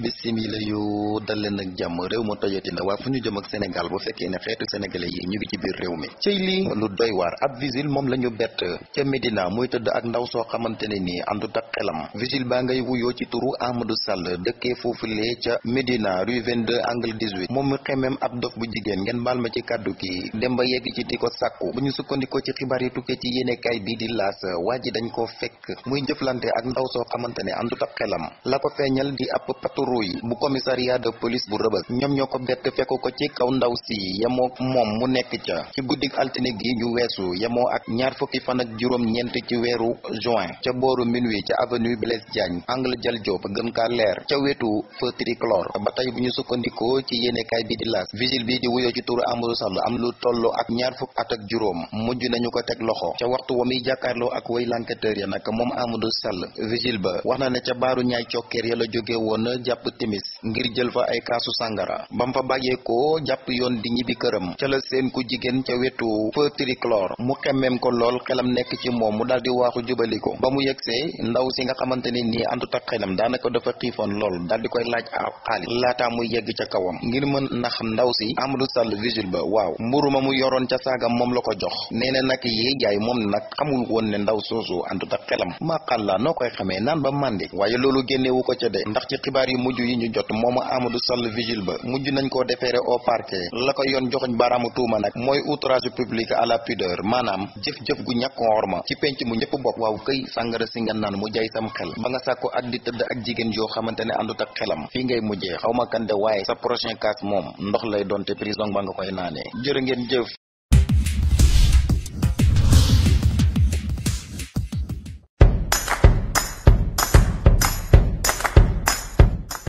bisimila yu dal leen ak jàmm réew ma tojoti na waa fu ñu jëm ak Sénégal bu fekkee ne xeetu sénégalais yi ñu ngi ci biir réew mi cëy lii lu doy waar ab vigile moom la ñu bett ca Médina muy tëdd ak ndaw soo xamante ne nii àndut ak xelam vigile baa ngay wuyoo ci turu Amadou Sall moom mu xemeem ab dof bu jigéen ngeen baal ma ci kàddu kii dem ba yegg ci di ko sàkku bu ñu sukkandikoo ci xibaar yi tukkee ci yéenekaay bii di laas waa ji dañ koo fekk muy jëflante ak ndaw soo xamante ne xelam la ko feeñal ruuy bu commissariat de police bu rëbës ñoom ñoo ko bett fekk ko ci kaw ndaw si yemoo moom mu nekk ca ci guddik altine gi ñu weesu yemoo ak ñaar fukki fan ak juróom ñeent ci weeru juin ca booru minuit ca avenue Blaise Diagne angle Dial Diop gën kaa leer ca wetu feu tricolore ba tey bu ñu sukkandikoo ci yéenekaay bi di las vigile bi di wuyoo ci turu Amadou Sall am lu tolloo ak ñaar fukk at ak juróom mujj nañu ko teg loxo ca waxtu wa muy jàkkaarloo ak way l'enquêteur jàpp timis ngir jël fa ay kaasu sàngara bam fa bàyyeekoo jàpp yoon di ñibbi këram ca la seen ku jigéen ca wetu feu triclor mu xemmeem ko lool xelam nekk ci moom mu daldi waaxu jubali ko ba mu yegsee ndaw si nga xamante ne nii àndut ak xelam daanaka dafa xiifoon lool di koy laaj ab xaalis laataa muy yegg ca kawam ngir mën nax ndaw si Amadou Sall vigile ba waaw mburu ma mu yoroon ca saagam moom la ko jox nee na nag yee jaay moom nag xamul woon ne ndaw soosu àndut ak xelam maa xàlla noo koy xamee naan ba màndi waaye loolu génnewu ko ca mujj yi ñu jot mooma Amadou Sall vigile ba mujj nañ koo déféré o parquet la ko yoon joxoñ baaraamu tuuma nag mooy outrage public à la pudeur maanaam jëf-jëf gu ñàkk orma ci penc mu ñëpp bokk waaw këy sàngara si nga naan mu jaay sam xel ba nga sàkko at di tëdd ak jigéen yoo xamante ne àndut ak xelam fii ngay mujjee xaw ma kande waaye sa prochain cas moom ndox lay doonte prison ba nga koy naanee jërë ngeen jëf